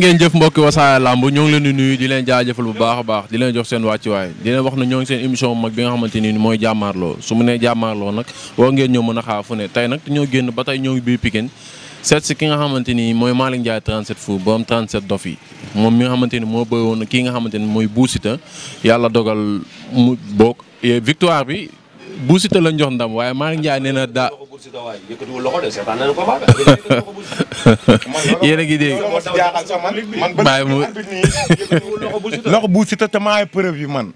ngeen jëf mbokki wasaare làmb ñoo ngi leen nuyu di leen jaajëfal bu baax a baax di leen jox seen wàccuwaay di leen wax na ñoo ngi seen émission mag bi nga xamante mooy jàmmaarloo su mu nee jàmmaarloo nag woo ngeen ñoo mën a xaar ne tey nag ñoo génn ba tey ñoo ngi biir Pikine seet si ki nga xamante mooy Malick Ndiaye 37 fou borom dof yi moom mi nga xamante moo bëri woon kii nga xamante mooy Bou yàlla dogal mu boog victoire bi yéen a ngi dégg bàyyi mu loxo bu Siteu te maa ay yi man.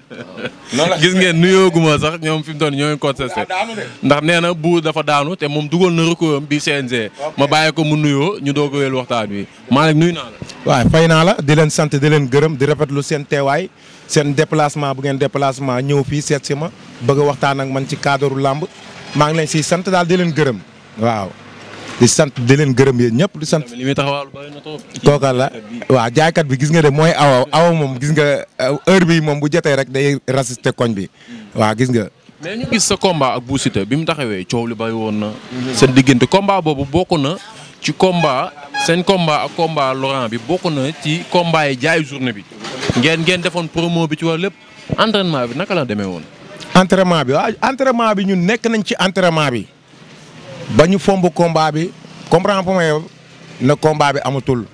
gis ngeen nuyooguma sax ñoom fi mu ñoo ngi contesté ndax nee na buur dafa daanu te moom dugal na recours bi CNG ma bàyyi ko mu nuyoo ñu doog a waxtaan wi Malick nuyu naa la. waaw fay naa la di leen sant di leen gërëm di rafetlu seen teewaay seen déplacement bu ngeen déplacement ñëw fii seet si ma bëgg waxtaan ak man ci kaadaru làmb maa ngi leen si sant daal di leen gërëm waaw. di sant di leen gërëm yéen ñëpp di sant. li taxawal bëri na trop. kooka la waaw jaaykat bi gis nga de mooy awa awa moom gis nga euh, heure bi moom bu jotee rek day rassisté koñ bi waa gis nga. mais ñu gis sa combat ak Bou bi mu taxawee coow li bëri woon na. seen diggante komba boobu bokk na ci combat seen combat ak combat Laurent bi bokk na ci combat yi jaay journée bi. ngeen ngeen defoon promo bi ci wàllu lépp entraînement bi naka la demee woon. entraînement bi waaw entraînement bi ñun nekk nañ ci entraînement bi bañu ñu fomb combat bi comprendre ma yow ne combat bi amatul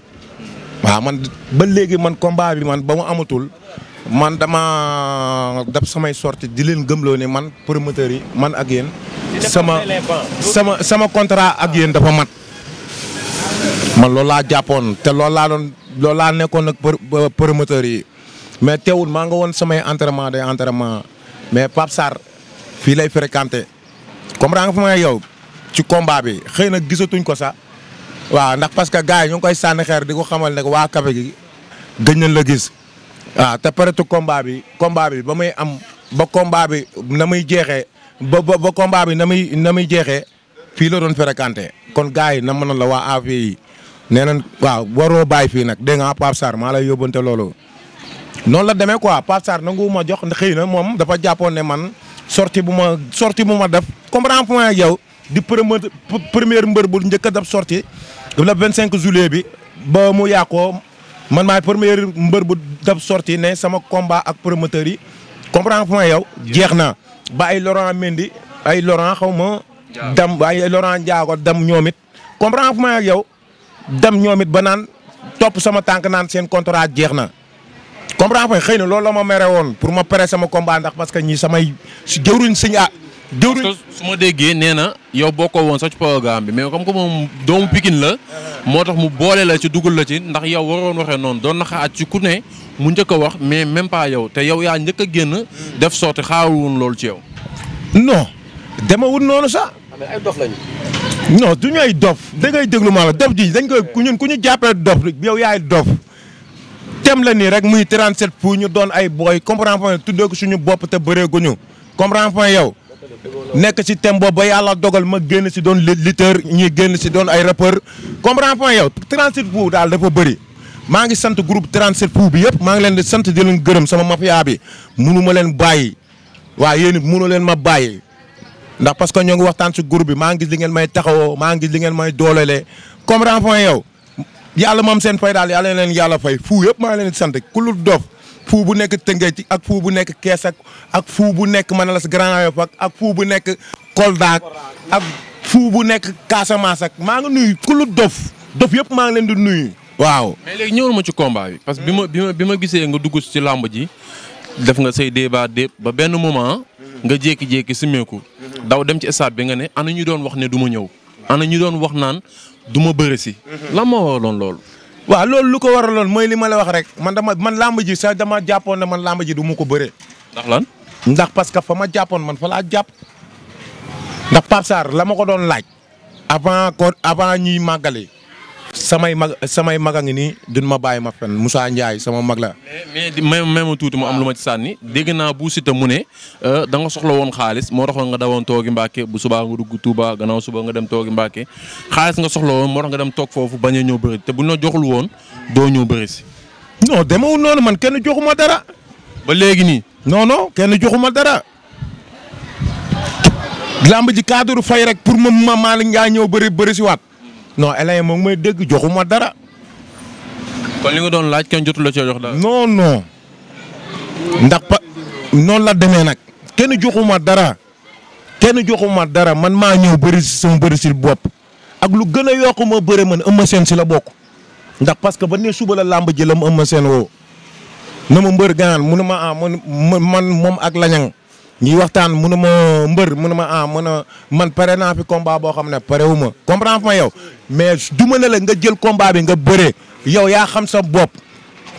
waaw man ba léegi man combat bi man ba mu amatul man dama daf samay sorti di leen gëmloo ne man promoteur yi man ak yéen. sama sama sama contrat ak yéen dafa mat. man loolu laa jàppoon te loolu laa loolu laa nekkoon ak promoteur yi mais teewul maa nga woon samay entraînement de entraînement. mais Pape Sarr fii lay fréquenté comprendre nga fa ma yow ci combat bi xëy na gisatuñ ko sax waaw ndax parce que gars yi ngi koy sànni xeer di ko xamal ne waa café gi gëj nañ la gis waaw te peut-être combat bi combat bi ba muy am ba combat bi na muy jeexee ba ba bi na muy na muy jeexee fii la doon fréquenté kon gars yi na mënoon la waa AV yi nee nañ waaw waroo bàyyi fii nag dégg nga Pape Sarr maa lay yóbbante loolu. noonu la demee quoi Pape Sarr ma jox xëy na moom dafa jàppoon ne man sorti bu ma sorti bu ma def comprendre point ak yow di premier première mbër bu njëkk a def sorti le 25 juillet bi ba mu yàqoo man maay première mbër bu def sorti ne sama combat ak promoteur yi comprendre point yow jeex na ba ay Laurent Mendy ay Laurent xaw ma dem ay Laurent Ndiago dem ñoom it comprendre point ak yow dem ñoomit ba naan topp sama tànk naan seen contrat jeex na comprends nga xëy na loolu la ma mere woon pour ma pare sama combat ndax parce que ñi samay jëwriñ sëñ ah. jëwriñ su ma déggee nee na yow bokkoo woon sax ci programme bi mais comme que moom doomu Pikine la. moo tax mu boole la ci dugal la ci ndax yow waroon waxee noonu doon na xaat ci ku ne mu njëkk a wax mais même pas yow te yow yaa njëkk a génn. def sotti xaaru woon loolu ci yow. non. demewul noonu sax. mais ay dof lañu. du ñu ay dof. da ngay déglu ma la dof ji dañ koy ku ñun ku ñu jàppee dof yow yaay dof. tem la nii rek muy 37 pour ñu doon ay booy comprendre point tuddee ko suñu bopp te bëreeguñu comprendre point yow. nekk ci tem boobu ba yàlla dogal ma génn si doon lutteur ñi génn si doon ay rappeur comprendre point yow 37 pour daal dafa bëri. maa ngi sant groupe 37 pour bi yëpp maa ngi leen di sant di leen gërëm sama mafia bi munu ma leen bàyyi waa yéen munu leen ma bàyyi. ndax parce que ñoo ngi waxtaan si groupe bi maa ngi li ngeen may taxawoo maa ngi li ngeen may doolelee comprendre yow. yàlla moom seen fay daal yàlla leen yàlla fay fu yëpp maa leen sant ku lu dof fu bu nekk Tëngéej ak fu bu nekk keesak ak ak bu nekk man la si Grand Yoff ak ak bu nekk Kolda ak fu bu nekk Casamance ak maa nga nuyu ku lu dof dof yëpp maa ngi leen di nuyu. waaw mais ma ci combat bi. parce que bi ma bi ma bi ma gisee nga dugg ci làmb ji. def nga say débat dépp ba benn moment. nga jékki-jékki simeeku. daw dem ci stade bi nga ne ana ñu doon wax ne du ma ñëw. ana ñu doon wax naan du ma bëri si. lan moo waraloon loolu. waaw loolu lu ko waraloon mooy li ma la wax rek man dama man làmb ji sax dama jàppoon ne man làmb ji du ko bëree. ndax lan. ndax parce que fa ma jàppoon man fa laa jàpp ndax Pape Sarr la ma ko doon laaj. avant ko avant ñuy màggali. samay mag samay mag a ngi nii duñ ma bàyyi ma fen musaa Ndiaye sama mag la. mais mais mais ma tuuti mu am lu ma ci sànni dégg naa bu Siteu mu ne euh, danga soxla woon xaalis moo taxoon nga dawoon toogi Mbàkke bu subaa nga dugg Touba gannaaw suba nga dem toogi Mbàkke xaalis nga soxla woon moo tax nga dem toog foofu bañ a ñëw bëri te bu la joxul woon doo ñëw bëri si. non demewul noonu man kenn joxuma dara. ba léegi nii. non non kenn joxuma dara. lamb ji cadre fay rek pour ma ma maa ngi ñëw bëri bëri si non Eleye moom may dégg joxuma dara. kon li nga doon laaj kenn jotu la cee jox dara. non non ndax pa noonu la demee nag kenn joxuma dara kenn joxuma dara man maa ñëw bëri si sama bëri si bopp ak lu gën a yokk ma bëre man Eumeu Sène si la bokk ndax parce que ba ne suba la làmb ji la mu Eumeu Sène woo na ma mbër ganaan mu ne ma ah man man moom ak lañang ñuy waxtaan mënu ma mbër mënu ma ah mën a man pare naa fi combat boo xam ne pare wu ma comprendre ma yow mais du ma ne la nga jël combat bi nga bëree yow yaa xam sam bopp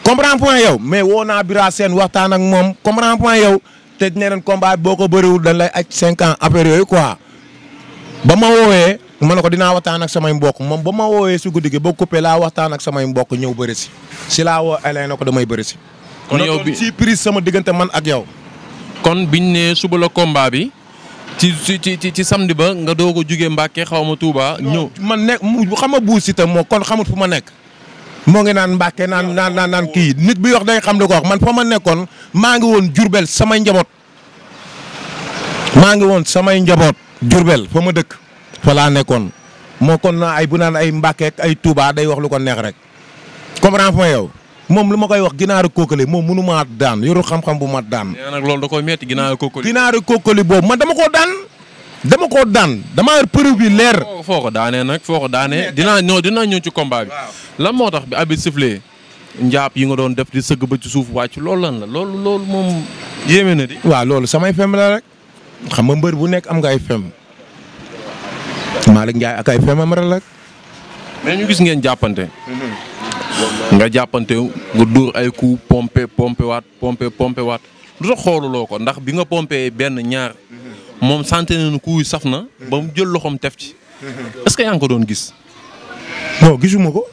comprendre point yow mais woo naa bira seen waxtaan ak moom comprendre point yow te ne leen combat bi boo ko bëriwul dañ lay aj cinq ans yooyu quoi ba ma woowee ma ne ko dinaa waxtaan ak samay mbok moom ba ma woowee si guddi gi ba laa waxtaan ak samay mbokk ñëw bëri si si laa woo Elay na ko damay bëri si. kon yow bi ci prise sama diggante man ak yow. kon biñ ne suba la combat bi ci ci ci ci samedi ba nga doog a jugee Mbacke xaw ma Touba ñëw. man nekk mu xam nga Bou Siteu moo kon xamut fu ma nekk. moo ngi naan Mbacke naan naan naan naan kii nit bi wax day xam li ko wax man fa ma nekkoon maa ngi woon Jurbel samay njaboot. maa ngi woon samay njaboot. Jurbel fa ma dëkk. fa laa nekkoon moo kon naa ay bu naan ay Mbacke ay Touba day wax lu ko neex rek comprendre fa ma yow. moom lu ma koy wax ginaaru kookali moom mënu maa daan yoru xam-xam bu ma daan. lool na nag met da koy métti ginaaru kookali. ginaaru kookali boobu ma dama koo daan. dama koo daan damaa yor bi leer. foo ko daanee nag foo ko daanee. dinaa ñëw dinaa ñëw ci combat bi. lan moo tax bi arbitre sifflé njaap yi nga doon def di sëgg ba ci suuf wàcc loolu lan la loolu loolu moom yéeme na di. waaw loolu samay fem la rek xam nga mbër bu nekk am nga ay fem Malick Ndiaye ak ay femam rek. mais ñu gis ngeen jàppante. Mm-hmm. nga jàppante nga door ay coup pompe pompe waat pompe pompe waat lu tax xooluloo ko ndax bi nga pompee benn ñaar moom santé nu kuy saf na ba mu jël loxoom tef ci est que yaa ngi ko doon gis. non gisuma ko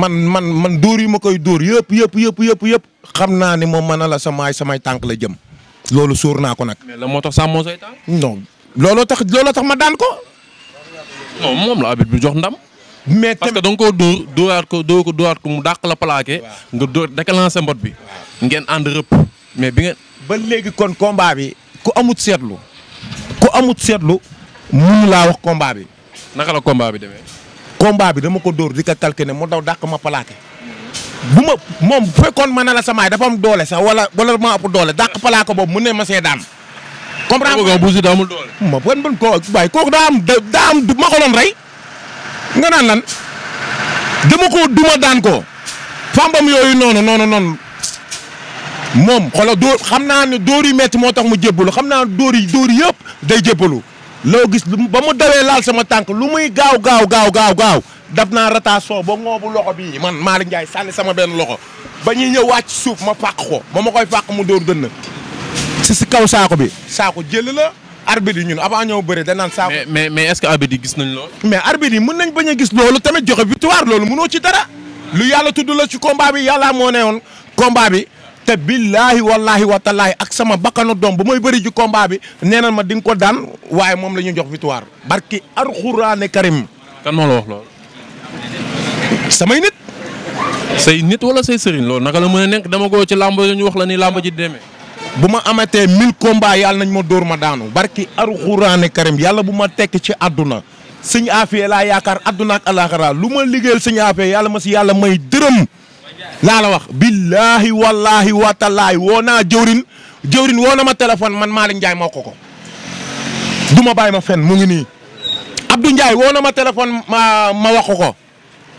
man man man dóor yi ma koy dóor yëpp yëpp yëpp yëpp yëpp xam naa ni moom mën a la samaay samay tànk la jëm loolu sóor naa ko nag. moo tax sàmmoo say tànk. non looloo tax ma daan ko. moom la abit bi jox ndam. mais parce que da nga koo ko dóor ko dóoraat ko mu dàq la plaqué. nga dóor déclenché mbot bi. ngeen ànd rëpp. mais bi ngeen. ba léegi kon combat bi. ku amut seetlu. ku amut seetlu. mënu laa wax combat bi. naka la combat bi demee. combat bi dama ko dóor di ko calqué mu daw dàq ma plaqué. bu ma moom bu fekkoon ma ne la samaay dafa am doole sax wala wala ma ëpp doole dàq plaqué boobu mu ne ma see daan. comprendre nga bu si daa amul doole. ma ban ban koo kooku daa am daa am ma ko doon rey. nga naan lan dama ko duma daan ko fambam yooyu noonu noonu noonu moom xoolal dóor xam naa ne dóor yi métti moo tax mu jébbalu xam naa dóor yi dóor yëpp day jébbalu loo gis ba mu dawee laal sama tànk lu muy gaaw gaaw gaaw gaaw gaaw daf naa rotation ba ngoobu loxo bii man Malick Ndiaye sànni sama benn loxo ba ñuy ñëw wàcc suuf ma fàq ko ba ma koy fàq mu dóor dënn si kaw saako bi saako jël la. arbitre yi ñun abaa ñoo bari dañ naan saako. mais mais mais est-ce que yi gis nañ loolu. mais arbitre yi mën nañ bañ a gis loolu tamit joxe victoire loolu mënoo ci dara. lu yàlla tudd la ci combat bi yàlla moo ne woon combat bi. te billaahi wallaahi wataalaahi ak sama bakkanu doom ba may bari ji combat bi nee na ma di ko daan waaye moom la ñu jox victoire. barki alxuraane karim. kan moo la wax loolu. samay nit. say nit wala say sëriñ loolu naka la mën a nekk dama goo ci làmb ñu wax la ni làmb ji demee. bu ma amatee mille combats yàlla nañ ma dóor ma daanu barki Alxuraane Karim yàlla bu ma tekk ci àdduna sëñ Afia laa yaakaar àdduna ak lu ma liggéeyal sëñ Afia yàlla ma si yàlla may dërëm laa la wax. billaahi wallaahi watalaay woo naa jëwrin jëwrin woo na ma téléphone man Malick Ndiaye ma ko ko du ma bàyyi ma fen mu ngi nii Abdou Ndiaye woo na ma téléphone ma ma wax ko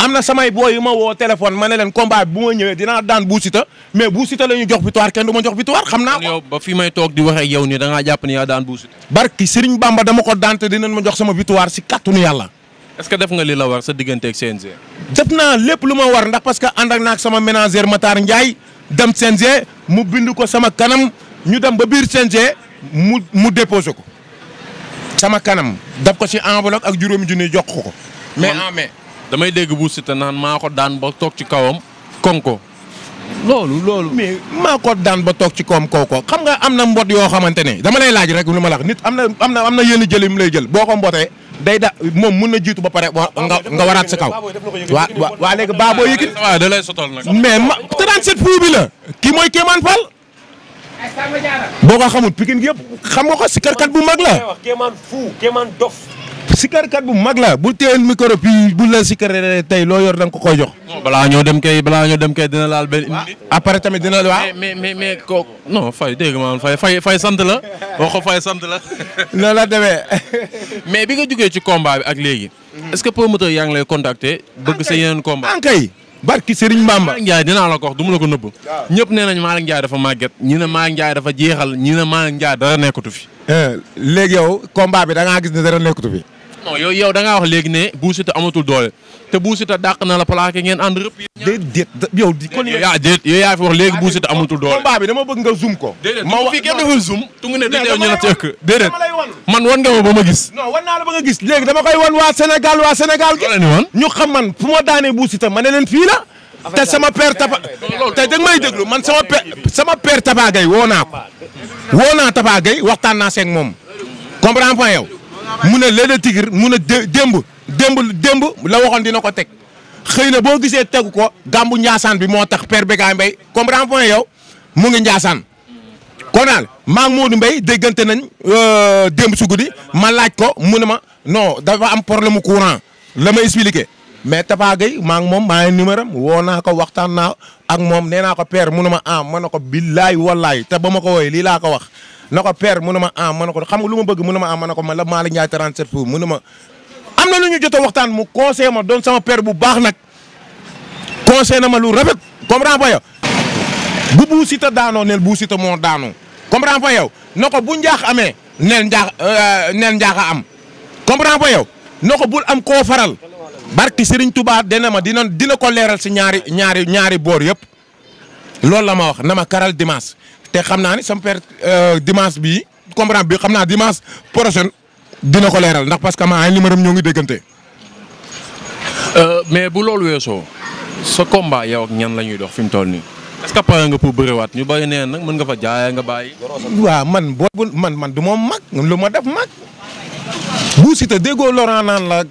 am na samay boo yu ma woo téléphone ma ne leen combat bu ma ñëwee dina daan Bou Siteu mais Bou Siteu la ñu jox victoire kenn du ma jox victoire xam naa ko. ba fi may toog di wax ak yow nii da ngaa jàpp ni yaa daan Bou barki Serigne Bamba dama ko daan te dinañ ma jox sama victoire si kàttanu yàlla. est-ce que def nga li la war sa diggante ak CNG. def naa lépp lu ma war ndax parce que ànd ak naag sama ménagère Matar Ndiaye dem CNG mu bind ko sama kanam ñu dem ba biir CNG mu mu déposé ko sama kanam daf ko si enveloppe ak juróomi junni jox ko damay dégg bu Siteu naan maa ko daan ba toog ci kawam kon ko loolu loolu. mais maa ko daan ba toog ci koom kaw ko xam nga am na mbot yoo xamante ne dama lay laaj rek lu ma la wax nit am na am na am na yenn jël mu lay jël boo ko mbotee day da moom mun na jiitu ba pare nga nga waraat sa kaw. waa waa waa léegi baa boo ah, nag. mais ma 37 fu bi la. kii mooy Kéemaan Fall. boo ko xamut Pikine gi xam nga ko si karkat bu mag la. Kéemaan fu sikarkat bu mag la bu teewoon micro bi bu la sikaree tey loo yor da ko koy jox. balaa ñoo dem kay balaa ñoo dem kay dina laal benn. après tamit dina la waaw. mais mais mais kooku non Faye dégg nga Faye Faye sant la wax ko Faye sant la. loolu la demee. mais bi nga jugee ci combat bi ak léegi. est-ce que promoteur yaa ngi lay contacter. bëgg sa yeneen combat ankay barki Serigne Mbamba Malick Ndiaye dinaa la ko wax du ma la ko nëbb ñëpp nee nañ Malick Ndiaye dafa màgget ñi ne Malick Ndiaye dafa jeexal ñi ne Malick Ndiaye nekkatu fi eh, léegi yow combat bi da ngaa gis ne dara nekkatu fi non yow yow da ngaa wax léegi ne Bou Siteu amatul doole te Bou Siteu dàq na la plaqué ngeen ànd rëpp. déedéet yow di kon yaa fi wax léegi Bou Siteu amatul doole. combat bi dama bëgg nga zoom ko. déedéet ma fii kenn dafa zoom. tungu ne dañoo ñu la tekk déedéet man wan nga ma ba ma gis. non wan naa la ba nga gis léegi dama koy wan waa Sénégal waa Sénégal. ñu xam man fu ma daanee Bou Siteu ma ne leen fii la. te sama père taba te dang may déglu man sama père sama père Taba Gueye woo naa ko woo naa Taba Gueye waxtaan naa seeg moom comprends point yow mu ne Lac de mun a ne démb démb démb la waxoon dina ko teg xëy na boo gisee tegu ko gàmbu Njaasaan bi moo tax père Bécaye Mbaye comprends point yow mu ngi Njaasaan konaal maa ngi Modou Mbaye déggante nañ euh, démb su guddi ma laaj ko mu ne ma no dafa am problème mu courant la ma expliqué mais Tapha Gueye maa moom maa ngi numéro am woo naa ko waxtaan naa ak moom nee naa ko père mu ne ma ah ma ne ko billaay wallaay te ba ma ko wooyee lii laa ko wax na ko père mu ne ma ah ma ne ko xam nga lu ma bëgg mu ne ma ah ko man la Malick Ndiaye 37 fu mu ne ma am na lu ñu jot a waxtaan mu conseillé ma doon sama père bu baax nag conseillé na ma lu rafet comprends pas yow bu Bou Siteu daanoo nel Bou moo daano comprends pas yow na ko bu njaax amee nel njaax euh, am comprends pas yow na ko bul am koo faral barki Serigne Touba na ma dina dina ko leeral si ñaari ñaari ñaari boor yëpp loolu la ma wax na ma karal dimanche te xam naa ne sama père bi euh, bii comprendre bi xam naa dimanche prochain dina ko leeral ndax parce que ma ay numéro ñoo ngi déggante. Euh, mais bu loolu weesoo sa combat yow ak ñan la ñuy dox fi mu toll nii. est-ce que pare nga pour bëriwaat ñu bàyyi nee nag mën nga fa jaaya nga bàyyi. waaw man man man du moom mag lu ma def mag. bu si te déggoo Laurent naan la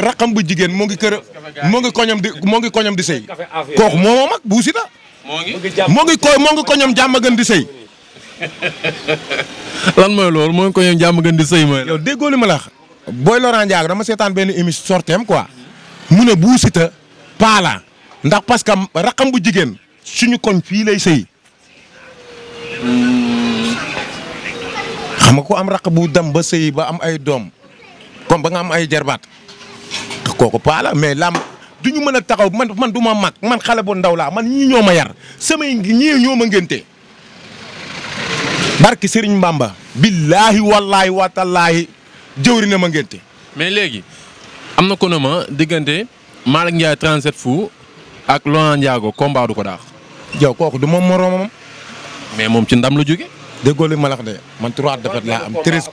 raqam bu jigéen moo ngi kër moo ngi koñam di moo sëy kooku moo ma mag bu si ta moo ngi moo ngi ko moo a ko ñoom jàmm gën di sëy. lan mooy loolu moo ngi ko ñoom jàmm di sëy mooy. yow déggoo ma la wax booy Laurent Ndiago dama seetaan benn émission sorteem quoi mu ne Bou Siteu paala ndax parce que raqam bu jigéen suñu koñ fii lay sëy. xam nga ko am raq bu dem ba sëy ba am ay doom comme ba nga am ay jarbaat kooku paala mais lam du ñu mën a taxaw man man du ma mag man xale bu ndaw laa man ñii ñoo ma yar samay ñii ñoo ma ngénte barki Serigne Mbamba. billaahi wallaahi watallaahi jëwri na ma ngénte mais léegi am na kono ma diggante Malick Ndiaye 37 fou ak Laurent Ndiago combat du ko daax. yow kooku du ma moroomam. mais moom ci ndam la jóge déggoo li ma de man trois défaites laa am treize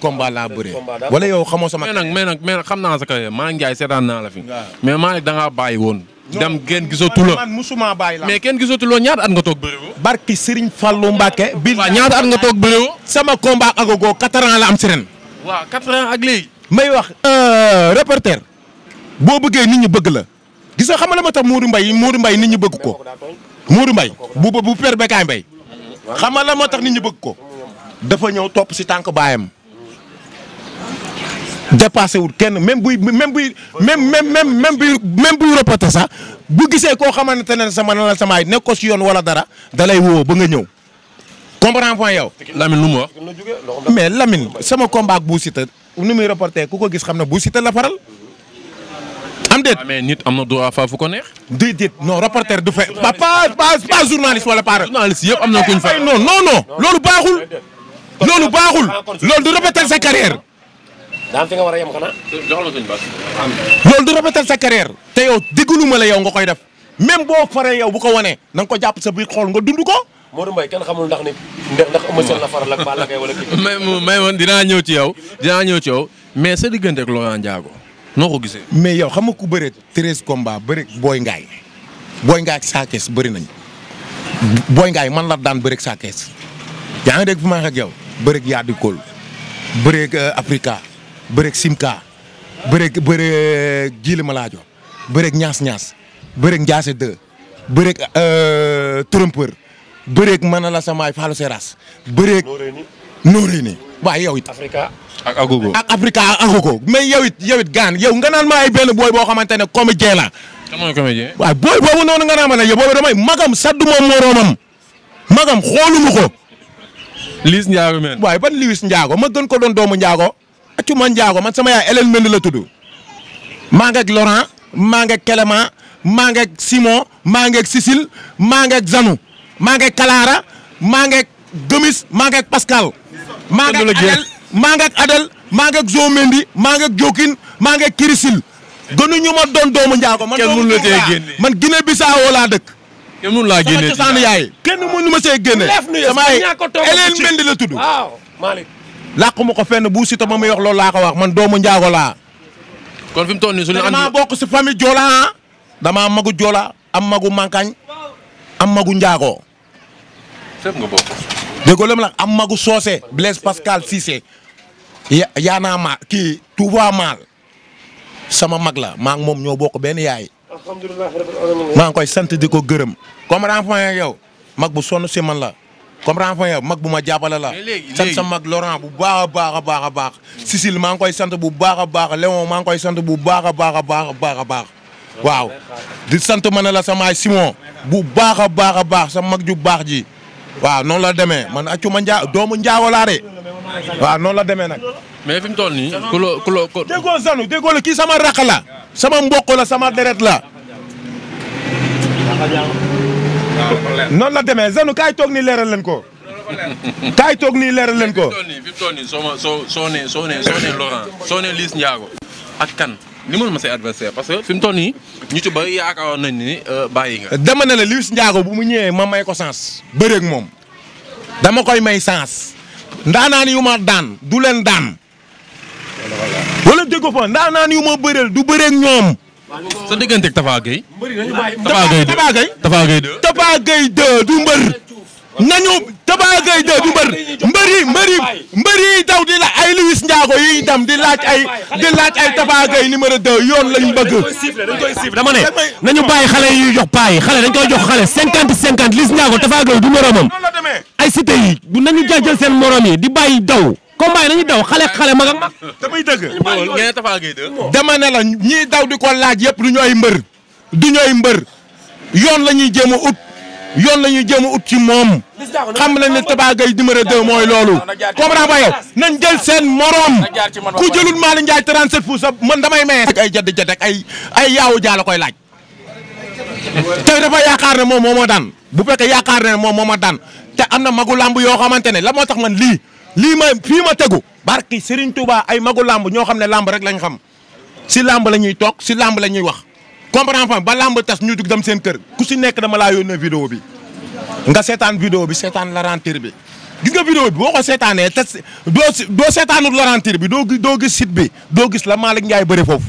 wala yow xamoo sama. mais nag mais nag mais xam naa sa kër Malick Ndiaye seetaan naa la fi. mais Malick da ngaa bàyyi woon. dem kenn gisatu la man musuma bàyyi la mais kenn gisatu la ñaata at nga toog bëriwoo. barki Serigne Fallou Mbacke. bil ñaata at nga toog bëriwoo. sama komba ak Agogo quatre la am si ren. waaw quatre may wax. Euh, reporter boo bëggee nit ñi bëgg la. gis nga xam la ma tax Modou mbay Modou mbay nit ñi bëgg ko. Modou Mbaye bu ba bu père Bekaay Mbaye. xam nga la ma tax nit ñi bëgg ko. dafa ñëw topp si tànk baayam dépassé wul kenn même buy même buy même même même même buy même buy répété sax bu gisee koo xamante ne sama na la samaay nekk ko si yoon wala dara da lay ba nga ñëw comprends point yow. Lamine lu mu wax. mais Lamine sama combat ak Bou Siteu nu muy reporté ku ko gis xam ne Bou Siteu la faral. am déet ah, nit am na droit fa fu ko neex. déedéet non reporter du fa. pas pas pas journaliste wala pas. journaliste yëpp am na kuñ fa. non non non loolu baaxul. loolu baaxul loolu du répéter sa carrière. daan fi nga war a yem xanaa. loolu sa carrière. te yow déglu la yow nga koy def même boo faree yow bu ko wanee na ko jàpp sa biir xool nga dund ko. Modou Mbaye kenn xamul ndax ni ndax Eumeu Sène la faral wala kii. mais mais dinaa ñëw ci yow dinaa ñëw ci yow mais sa diggante ak Laurent Ndiago noo ko gisee. mais yow xam nga ku bëre treize combats bëre Boy Ngaay Boy Ngaay ak Sakess bëri nañ Boy Ngaay man la daan bëre ak yaa ngi dégg fu ma wax yow bëreeg Yadikool bëreeg euh, Afrika bëreeg Simka bëreeg bëreeg euh, Jili Malaajo bëreeg Ñaas Ñaas Njaase Deux bëreeg euh, Trompeur bëreeg man la samaay Fallou Seras bëreeg. yow it. Afrika ak Agogo ak Afrika gaan yow nga naan ma booy boo xamante ne comédien la. kan mooy comédien. booy boobu noonu nga naan ma damay magam saddu moom magam xooluma Liss Ndiago men waaye ban Liss Ndiago ma gën ko doon doomu Ndiago accuma Ndiago man sama yaay Hélène Mendy la tudd maa ngeeg Laurent maa ngeeg Clément maa ngeeg Simon maa ngeeg Cécile maa ngeeg Zanou maa ngeeg Clara maa ngeeg Gomis maa ngeeg Pascal maa ngeeg Adel maa ngeeg Adel maa ngeeg Zo Mendy maa ngeeg Jokin maa Kirisil gënuñu ma doon doomu Ndiago man doomu man Guinée Bissau dëkk kenn mënu laa génne sama cosaanu yaay kenn mënu ma see génne sama Hélène Mbende la tudd waaw Malick làqu ma ko fenn bu si ta ma muy wax loolu laa ko wax man doomu njaago laa kon fi mu toll damaa bokk si famille Joola ah. damaa magu Joola amagu magu Mankañ am magu Njaago fépp nga bokk déggoo la ma am magu Socé Blaise Pascal Cissé yaa naa ma kii Touba Maal sama mag la maa moom ñoo bokk benn yaay maa ngi koy sant di ko gërëm. comprends point yow mag bu sonn si man la comprends point yow mag bu ma jàppale la. sant sa mag Laurent bu baax a baax a baax a baax. sisil maa ngi koy sant bu baax a baax Léon maa ngi koy sant bu baax a baax a baax a baax. waaw di sant ma ne la sama Simon bu baax a baax a baax sam mag ju baax ji. waaw noonu la demee man accu ma njaa doomu njaago laa de waaw noonu la demee nag. mais fi mu toll nii. ku loo ku loo ku. déggoo kii sama rakk la. sama mbokk la sama deret la. noonu la demee Zanu kaay toog nii leeral leen ko. kaay toog nii leeral leen ko. fi mu toll nii soo ma ak kan. li mën ma say parce que fi mu toll nii ñu ci bëri yaakaaroon nañ ni euh, bàyyi nga. dama ne la Liss Ndiago bu mu ñëwee ma may ko sens. bëreeg moom dama koy may sens. ndaanaan yu ma daan du leen daan. wala déggoo fa ndaanaan yu ma bëreel du bëreeg ñoom. sa digganteeg Tafa Gueye. Tafa Gueye 2 Tafa Gueye 2. Tafa Gueye 2 du mbër. nañu Tafa Gueye 2 du mbër mbëri yi mbër yi daw di la ay Luis Ndiago yi dem di laaj ay di laaj ay Tafa numéro 2 yoon lañ bëgg. dañ koy siffler dama ne nañu bàyyi xale yuy jox paa yi xale dañ koy jox xale 50 50 Luis Ndiago Tafa Gueye du moromam ay cité yi bu nañu jajal seen morom yi di bàyyi daw. combat yi nañu daw xale xale mag ak mag. damay dëgg. dama ne la ñii daw di ko laaj yëpp du ñu ay mbër. du ñu ay mbër yoon la ñuy jéem a ut yoon la ñuy a ut ci moom. xam nañ ne Tapha Gueye numéro 2 mooy loolu. comprends ba yow nañ jël seen morom. ku jëlul Malick Ndiaye 37 pour cent man damay maye. ak ay jadd jadd ay ay yaawu jaa koy laaj. te dafa yaakaar ne moom moo ma daan bu fekkee yaakaar ne moom moo ma daan te am na magu làmb yoo xamante ne la moo tax man lii. lii ma fii ma tegu barki Serigne Touba ay magu làmb ñoo xam ne làmb rek lañ xam si làmb la ñuy toog si làmb la ñuy wax comprendre fa ba làmb tas ñu dugg dem seen kër ku si nekk dama laa yónnee vidéo bi nga seetaan video bi seetaan la rentir bi gis nga vidéo bi boo ko seetaanee te doo si doo seetaanut la rentir bi doo doo gis site bi doo gis la Malick Ndiaye bëri foofu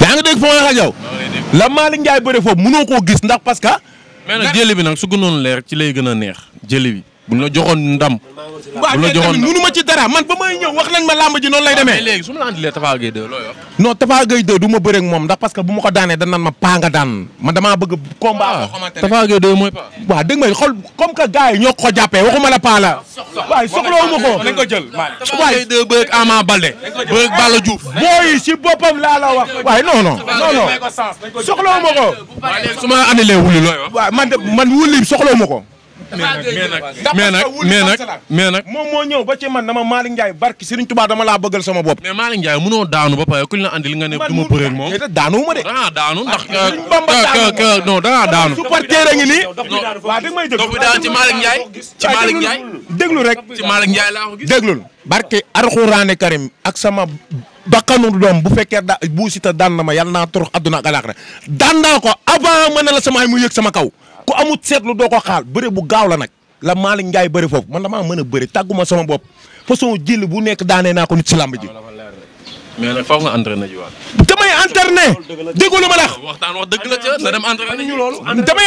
yaa ngi dégg foo nga xajaw la Malick Ndiaye bëri foofu mënoo koo gis ndax parce que mais nag jëli bi nag su gënoon leer ci lay gën a neex jëli bi buñ la joxoon ndam. buñ la joxoon ndam mënu ma ci dara man ba may ñëw wax nañ ma làmb ji noonu lay demee. Ah, léegi su ma la andilee Tapha Gueye 2 looy wax. du ma bëreeg moom ndax parce que bu ma ko daanee dañ ma paa nga daan ma damaa bëgg combat. Ah, boo xamante ne Tapha Gueye 2 mooy paa. waaw dégg ko jàppee waxuma la paa la. waaye soxlawu ma ko. nañ ko jël waaye Tapha Gueye 2 bëreeg Ama Baldé. bëreeg laa la wax. waaye non non non non ma ko. ma andilee wuli looy wax. waaw man de man wuli soxlawu ma ko mais nag mais nag mais nag moom moo ñëw ba ci man dama Malick Ndiaye barki Serigne Touba dama laa bëggal sama bopp mais Malick Ndiaye mënoo daanu ba pare ku ñu la andil nga ne du ma bëreeg moom daanuwuma de dangaa daanu ndax ah, euh, non dangaa daanu supporter a ngi nii waaw dégg may déglu dox bi daal ci Malick Ndiaye ci Malick Ndiaye déglu rek ci Malick Ndiaye laa ko gis déglul barki Alxuraane Karim ak sama bakkanu doom bu fekkee da bu si ta daan na ma yàlla naa torox adduna ak alaxira daan naa ko avant ma ne la sama ay mu yëg sama kaw ku amut seetlu doo ko xaal bëre bu gaaw la nag la Malick Ndiaye bëri foofu man damaa mën a bëri tàgguma sama bopp façon jël bu nekk daanee naa ko nit si ji. mais nag faaw nga entraîné ji waat. damay ma la. waxtaan wax dëgg la ca na dem entraîné ji loolu. damay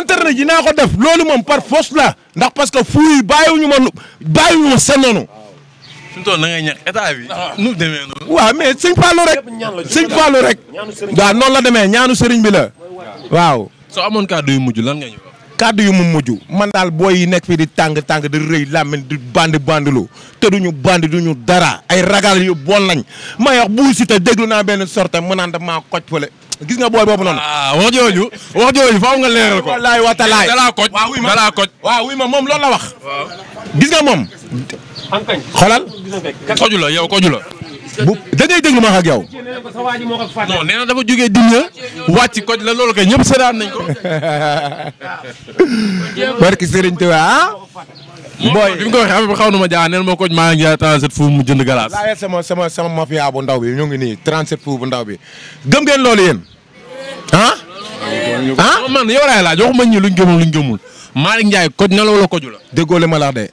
entraîné ji ji naa ko def loolu moom par force la ndax parce que fuuy bàyyiwuñu ma ma seen noonu. fi mu toll na ngay ñàkk ah. nu demee noonu. waaw mais sëñ Fallou rek. sëñ Fallou rek. waaw noonu la demee ñaanu sëriñ bi la. waa soo amoon kàddu yu mujj lan nga ñu wax. kàddu yu mu mujj man daal booy yi nekk fii di tàng tàng di rëy band di bandi bandilu te duñu bandi duñu dara ay ragal yu bon lañ ma wax bu si te déglu naa benn sorte mu naan maa koj fële gis nga booy boobu noonu. waaw ah, wax jooju wax jooju faaw nga leeral ko. wallaay wa talaay dalaa ma moom loolu la wax. gis nga moom. xolal. koju la yow koju la. bu da ngay déglu ma wax ak yow. non nee na dafa jógee dina wàcc koj la loolu kay ñëpp seetaan nañ ko. barki Serigne Touba ah. booy bi ko waxee affaire xaw na ma jaa neen ma koj maa jaay 37 fu mu jënd galaas. laajal sama sama sama mafia bu ndaw bi ñu ngi nii 37 fu bu ndaw bi gëm geen lool yéen. Ah? ah. ah man yow laay laaj waxuma ñi luñ gëmul luñ gëmul. Malick Ndiaye koj na la wala koju la. déggoo li ma la wax de.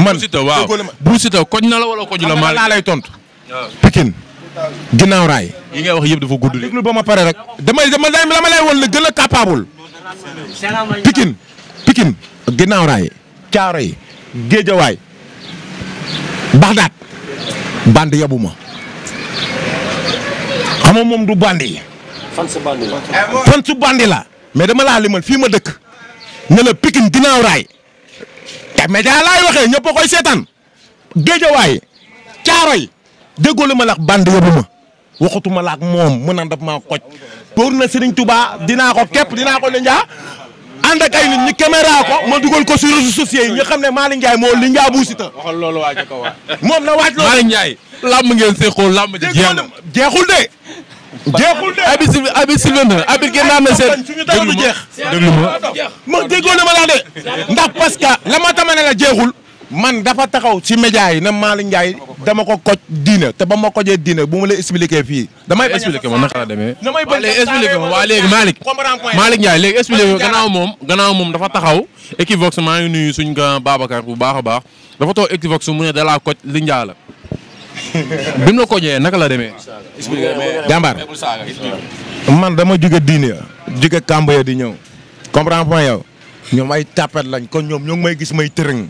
man déggoo li koj na la wala koju la Malick laa tontu. pikin ginnaaw raay. yi nga wax yëpp dafa gudd. déglu ma pare rek dama dama lay woon la gën a capable. Pikine Pikine ginnaaw raay caaro yi géejawaay baxdaat bu ma xam nga moom du bandi. fan su bandi la. fan mais dama laa limal fii ma dëkk ne la Pikine ginnaaw raay te média laay waxee ñëpp a koy seetaan géejawaay caaro yi déggoo ma la wax band yóbbu ma waxatuma la ak moom mu naan daf maa koj pour na Serigne Touba dinaa ko képp dinaa ko linjaa ànd ak ay nit ñi caméra ko ma dugal ko sur réseaux sociaux yi ñu xam ne maa Ndiaye moo linjaa bu Siteu. waxal loolu waaj a ko waaj. moom na waaj loolu Malick Ndiaye. làmb ngeen seqoon làmb ji jeexul de. jeexul de abi si abi si abi génnaa na seen déglu ma ma ma ma la de ndax parce que la ma tama ne la jeexul. man dafa taxaw ci média yi na Malick Ndiaye dama ko koj diina te ba ma kojee diina bu ma la expliqué fii. damay expliqué ma naka la demee. damay bëgg a expliqué ma waa léegi Malick. Malick Ndiaye léegi expliqué ma gannaaw moom gannaaw moom dafa taxaw. Equivox maa ngi nuyu suñ ga Babacar bu baax a baax dafa toog Equivox mu ne dalaa koj li Ndiaye la. bi mu la kojee la demee. jàmbaar man dama jóge diine jóge kàmb ya di ñëw. comprends point yow ñoom ay tapet lañ ko ñoom ñoo ngi may gis may tërëng.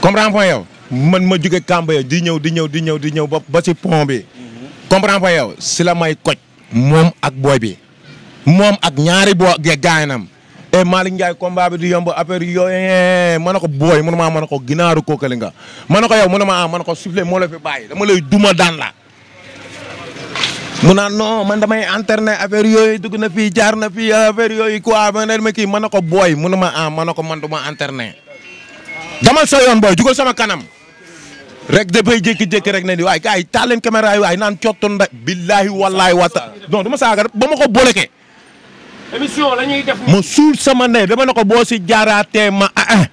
comprends pas yow man ma jóge kàmb yow di ñëw di ñëw di ñëw di ñëw ba ba si pont bi. comprends yow si la may koj. moom ak booy bi. moom ak ñaari boo gaaynaam e eh, Malick Ndiaye combat bi di yomb affaire yooy eh, ma ne ko booy mu ne maa ma ne ko ginaaru kookali nga ma ne ko yow mu ne ma ah ma ne ko soufflé moo la fi bàyyi dama lay duma daan la mu naan non man damay internet affaire yooyu dugg na fii jaar na fii affaire yooyu quoi ma ne ma ko booy mu ne ma ah ma ne ko man duma damal sa yoon booy jugal sama kanam rek dafay jékki-jékki rek ne ni waay kaay taal leen caméra yi waay naan cottoon nda billaahi wallaahi wata non du ma saaga ba ma ko boleke émission ma suul sama ndey dama ne ko boo si jaaraatee ma ah ah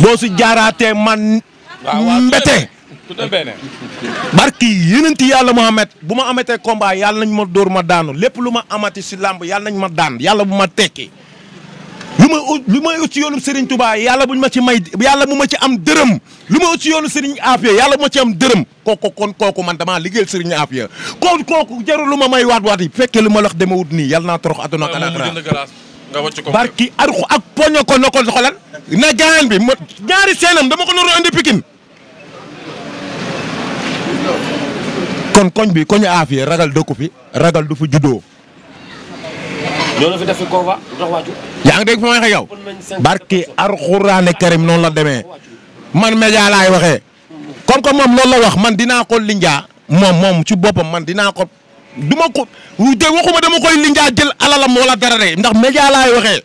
boo si jaaraatee ma mbete barki yenenti yàlla Muhammad bu ma amatee combat yàlla nañ ma dóor ma daanu lépp lu ma amati si làmb yàlla nañ ma daan yàlla bu ma tekki lu ma lu may ut ci yoonu Serigne Touba yàlla buñ ma ci may yàlla bu ma ci am dërëm lu ma ut ci yoonu Serigne Afia yàlla bu ma ci am dërëm kooku kon kooku man damaa liggéey Serigne Afia kon kooku jarul lu ma may waat waat yi bu fekkee lu ma la wax dama wut nii yàlla naa torox àdduna ak alaaxira nga ko barki arxu ak poño ko na ko xoolal na gaañ bi ñaari seenam dama ko naroon indi Pikine kon koñ bi koñu Afia ragal dëkku fi ragal du fi juddoo. loolu fi def fi convoi dox wàccu. yaa ngi dégg fi may waxee yow. la demee man média laay waxee. comme que moom loolu la wax man dinaa ko linjaa moom moom ci boppam man dinaa ko du ma ko de waxuma dama koy linjaa jël alalam wala dara de ndax média laay waxee.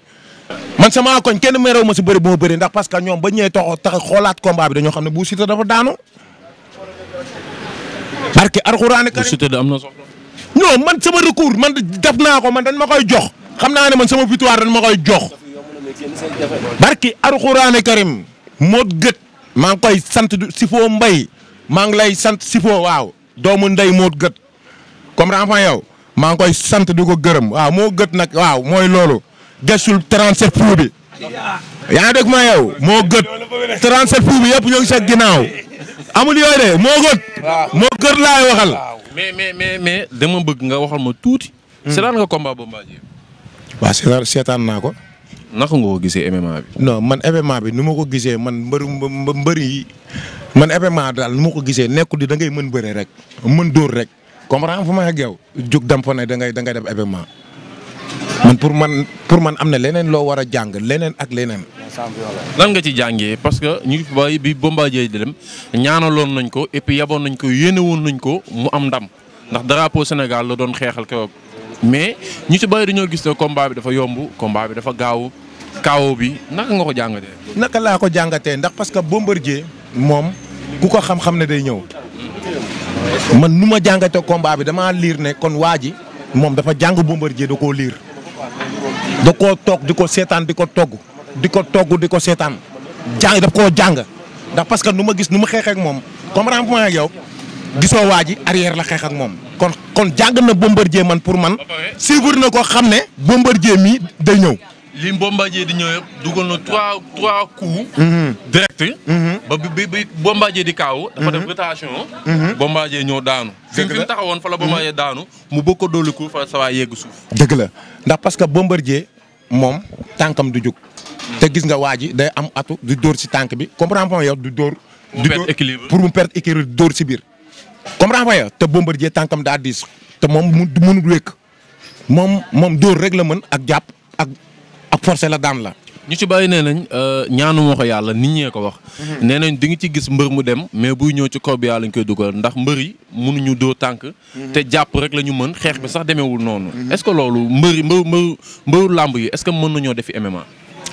man sama koñ kenn merew ma si bëri bu bëri ndax parce que ñoom ba ñëwee tax tax xoolaat combat bi dañoo xam ne bu Siteu dafa daanu. barki alxuraane karim bu Siteu am na soxla. non man sama recours man def naa ko man dañ ma koy jox. xam naa ne man sama victoire dañ ma koy jox. barki Alxuraane Karim moot gët maa ngi koy sant Sifo Mbay maa ngi lay sant Sifo waaw doomu ndey moot gët comme renfant yow maa ngi koy sant du ko gërëm waaw moo gët nag waaw mooy loolu gesul 37 pou bi yaa ngi dégg ma yow moo gët 37 pou bi yëpp ngi sa ginnaaw amul yooyu de moo gët moo gët laay waxal mais mais mais dama bëgg nga waxal ma tuuti c'est hmm. lan nga combat Bombardier waaw seetaan seetaan naa ko. naka nga ko gisee MMA bi. non man MMA bi nu ma ko gisee man mbëru mbër yi man MMA daal nu ma ko gisee nekkul di da ngay mën bëre rek mën dóor rek comprendre fu ma ak yow jug dem fa ne da ngay da ngay def MMA man pour man pour man am na leneen loo war a jàng leneen ak leneen. lan nga ci jàngee parce que ñu bay bi Bombardier di dem ñaanaloon nañ ko et puis yaboon nañ ko yéene nañ ko mu am ndam ndax drapeau Sénégal la doon xeexal keroog mais ñu ci bëri dañoo gis ne combat bi dafa yomb combat bi dafa gaaw kaaw bi naka nga ko jàngatee. naka laa ko jàngatee ndax parce que Bombardier moom ku ko xam-xam ne day ñëw man nu ma jàngatee combat bi damaa liir ne kon waa ji moom dafa jàng jee da ko liir da ko toog di ko seetaan di ko togg di ko togg di ko seetaan jàng daf koo jàng ndax parce que nu ma gis nu ma xeexee moom comme ak yow. gisoo waa ji arrière la xeex ak moom. kon kon jàng na Bombardier man pour man. sigur na ko xam ne. Bombardier mii day ñëw. li Bombardier di ñëw yëpp dugal na trois trois coups. Mhm. direct. Mhm. ba bi bi Bombardier di kaaw. dafa def mhm. rotation. Bombardier ñëw daanu. dëgg la taxawoon fa la Bombardier daanu. mu bëgg ko dolli fa sa waa yegg suuf. dëgg la ndax parce que Bombardier moom tànkam du jug te gis nga waa ji day am atu du dóor si tànk bi comprendre nga yow du dóor. du pour mu perdre équilibre dóor si biir. comprends nga te Bombardier tànkam daa diis te moom mu mënul wékk moom moom dóor rek la mën ak jàpp ak ak la daan la. ñu ci bàyyi nee nañ euh, ñaanu ma yàlla nit ñee ko wax. Mhm. nee nañ di nga ci gis mbër mu dem mais buy ñëw ci kaw bi yàlla lañ koy duggal ndax mbër yi ñu dóor tànk. Mhm. te jàpp rek la ñu mën xeex bi sax demeewul noonu. Mhm. est-ce que loolu mbër yi mbëru mbëru mbëru làmb yi est-ce que mën nañoo defi MMA.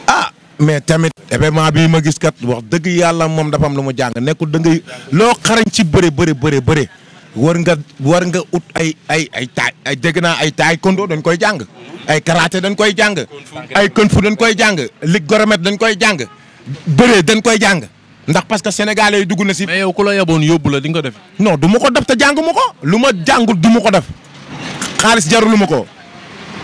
ah mais tamit événement bi ma gis kat wax dëgg yàlla moom dafa am lu mu jàng nekkul da ngay loo xarañ ci bëre bëre bëre bëre war nga war nga ut ay ay ay taay ay dégg naa ay taay kondo dañ koy jàng ay karaté dañ koy jàng ay kung dañ koy jàng lig goromet dañ koy jàng bëre dañ koy jàng ndax parce que sénégalais yi dugg na si. mais yow ku la yaboon yóbbu la dinga ko def. non du ma ko def te jàng ma ko lu ma jàngul du ma ko def xaalis jarul ma ko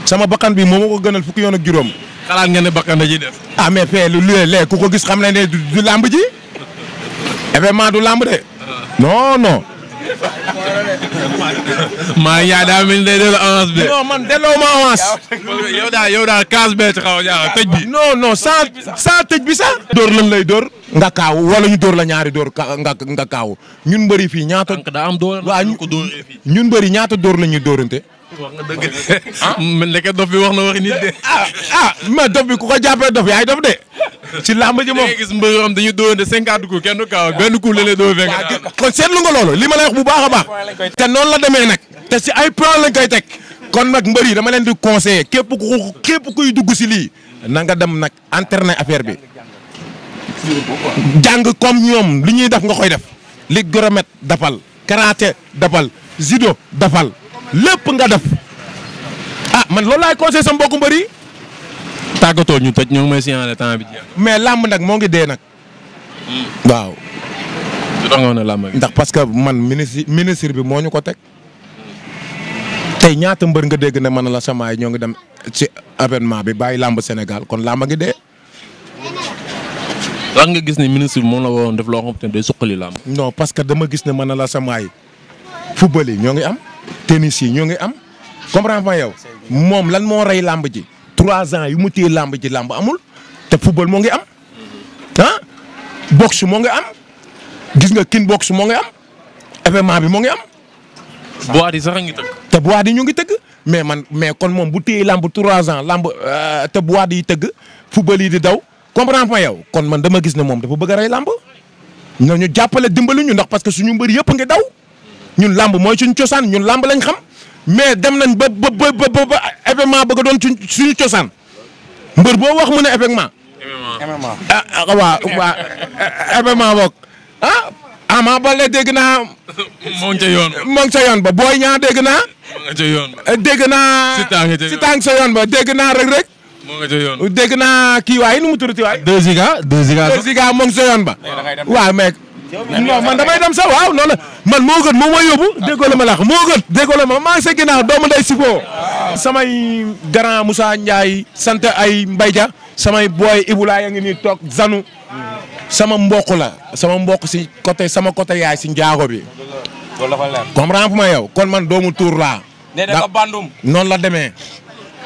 sama bakkan bi moo ma ko gënal fukki yoon ak juróom. xalaat nga ne bakkan da ciy def. ah lu luy ku ko gis xam na ne du làmb ji événement du làmb de. non non. maa yaa daa mel ni day delloo avance bi. non man delloo ma avance. yow daal yow bi. non non sans sans tëj bi sax. dóor lan lay dóor. nga kaaw wala ñu dóor la ñaari dóor nga nga kaaw ñun bëri fii ñaata. daa am dóor la ñun bëri ñaata dóor la ñuy dóorante. wax nga dëgg ah, man léegi dof bi wax na waxi nit de. ah ah ma dof bi ku ko jàppee dof yaay dof de. si làmb ji moom da ngay gis mbër yoo xam dañuy dóorante cinquante coups kenn du kaaw benn coup la lay dóor fekk daal. kon li ma lay bu baax a baax. te noonu la demee nag. te si ay plan la koy teg. kon nag mbër yi dama leen di conseiller képp ku képp kuy dugg si lii. na nga dem nag entraîner affaire bi. jàng comme ñoom li ñuy def nga koy def. li gërëmet dafal. karaté dafal. judo dafal. lépp nga def ah man loolu laay conseillé sa mbokku mbër yi. tàggatoo ñu tëj ñoo ngi may signaler temps bi. mais làmb nag moo ngi dee nag. Hmm. waaw. ndax parce que man ministre ministre bi moo ñu ko teg. tey ñaata mbër nga dégg ne man la samaay ñoo ngi dem ci événement bi bàyyi làmb Sénégal kon làmb ngi dee. lan nga gis ne ministre moom la woon def loo xam te ne day suqali làmb. non parce que dama gis ne man la samaay football yi ñoo ngi am. tennis yi ñoo ngi am comprendre ma yow moom lan moo rey làmb ji trois ans yu mu téye làmb ji làmb amul te football moo ngi am ah boxe moo ngi am gis nga kin boxe moo ngi am événement bi moo ngi am. bois di sax ngi tëgg. te bois di ñu ngi tëgg mais man mais kon moom bu téye làmb trois ans làmb euh, te bois di tëgg football yi di daw comprendre ma yow kon man dama gis ne moom dafa bëgg rey rey làmb. ñu jàppale dimbali ñu ndax parce que suñu mbër yëpp ngi daw. ñun làmb mooy suñu cosaan ñun làmb lañ xam mais dem nañ ba ba ba ba événement bëgg doon suñ suñu cosaan mbër boo wax mu ne événement. Ah, ah, événement ah dégg naa. yoon ba moo ngi ca yoon ba Boy Niang dégg naa. Eh, yoon ba dégg naa. si tàng sa naa rek rek. yoon dégg naa kii waay nu mu tuddati waay. 2 Ziga ba. waaw mais. non man damay dem sax waaw loolu man moo gën moom mooy yóbbu déggoo ma laax moo gën déggoo la ma maa ngi sa ginnaaw doomu nday siboo samay grand Moussa Ndiaye sant ay mbayja samay booy Ibulaa ya ngi nii zanu sama mbokk la sama mbokk si côté sama côté yaay si njaago bi comprendre ma yow kon man doomu tuur laa nee la demee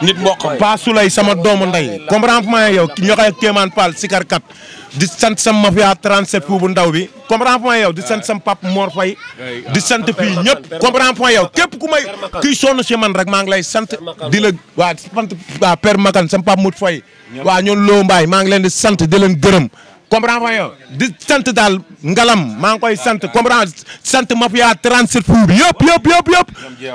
nit mboq Pa Souley sama doomu ndey comprendre ma yow ñoo koy Kéemaan Fall sikarkat di sant sama mafia 37 fu bu ndaw bi comprendre ma yow di sant sama pap Mor Faye di sant fii ñëpp comprendre ma yow képp ku may kuy sonn man rek maa ngi lay sant di la waa sant waa Père Makan sama pap Mout Faye waa ñoon Loo Mbaay maa ngi leen di sant di leen gërëm comprends ma yow di sant daal ngalam maa ngi koy sant comprends sant mafia 37 fou bi yëpp yëpp yëpp yëpp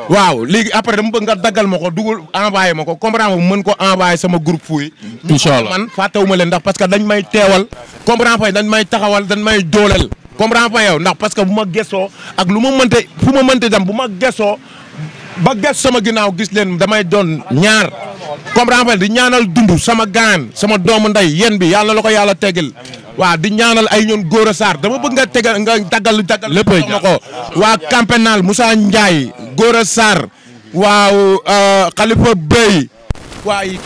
waaw léegi après dama bëgg nga daggal ma ko dugal envoyé ma ko comprends ma mën ko envoyé sama groupe fuuy incha allah man fàttewuma leen ndax parce que dañ may teewal comprends fay dañ may taxawal dañ may doolel comprends fa yow ndax parce que bu ma gesoo ak lu ma mënte fu ma mënte dem bu ma gesoo ba ges sama ginnaaw gis leen damay doon ñaar comprends fa di ñaanal dund sama gaan sama doomu ndey yéen bi yàlla la ko yàlla teggil waa di ñaanal ay ñoon góor a Sarr dama bëgg nga tegal nga taggal taggal léppay ma ko waa kampenal Moussa Ndiaye góor a Sarr waaw euh, Khalifa Bey waay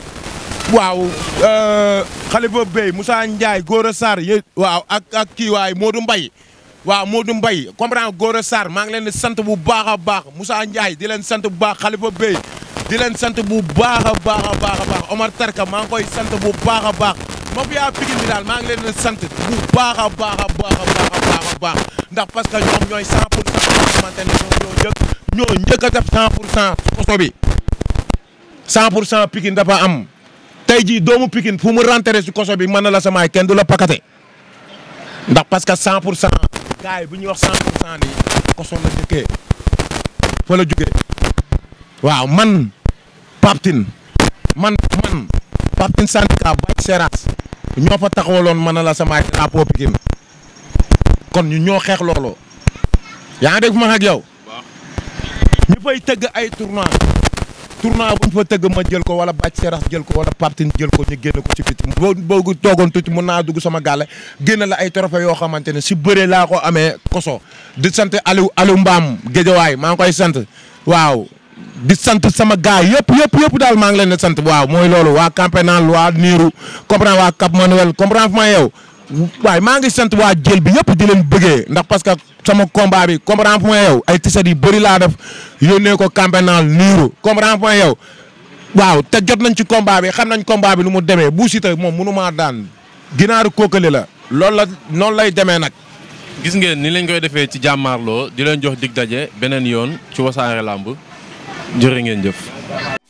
waaw euh, Khalifa Bey Moussa Ndiaye góor a Sarr yé waaw ak kii waay Modou Mbaye waaw Modou Mbaye comprendre góor a Sarr maa ngi leen di sant bu baax a baax Moussa Ndiaye di leen sant bu baax Khalifa Bey di leen sant bu baax baax a baax a Omar Tarka maa ngi koy sant bu baax a baax mafia Pikine bi daal maa ngi leen sant bu baax a baax a baax ndax parce que ñoom ñooy 100 pour cent ñoo xamante ñoom ñoo njëkk ñoo njëkk a def 100 pour cent koso bi 100 pour cent Pikine dafa am tey jii doomu Pikine fu mu rentré si koso bi mën na la samaay kenn du la pakate ndax parce que 100 pour cent gars bu ñuy wax 100 pour cent nii koso la njëkkee fa la jógee waaw man Pape man man. parti syndicat Baye Seras ñoo fa taxawaloon mën a la sama drapeau Pikine kon ñu ñoo xeex loolu yaa ngi dégg fu ma ak yow ñu fay tëgg ay tournoi tournoi bu ñu fa tëgg ma jël ko wala Baye Seras jël ko wala parti jël ko ñu génn ko ci biti boo boo toogoon tuuti mën naa dugg sama gaale génn la ay trophée yoo xamante ne si bëree laa ko amee koso di sant Aliou Aliou Mbaam Géejawaay maa ngi koy sant waaw di sant sama gars yëpp yëpp yëpp daal maa ngi leen sant waaw mooy loolu waa camp pénal waa niiru comprendre waa Cap Manuel comprendre fu ma yow waaye maa ngi sant waa jël bi yëpp di leen bëggee ndax parce que sama combat bi comprendre fu ma yow ay tiset yu bëri laa def yónnee ko camp pénal niiru comprendre fu ma yow waaw te jot nañ ci combat bi xam nañ combat bi nu mu demee bu si moom mënu maa daan ginaaru kookale la loolu la noonu lay demee nag. gis ngeen ni lañ koy defee ci jàmmaarloo di leen jox dig daje beneen yoon ci wasaare làmb jërë ngeen jëf.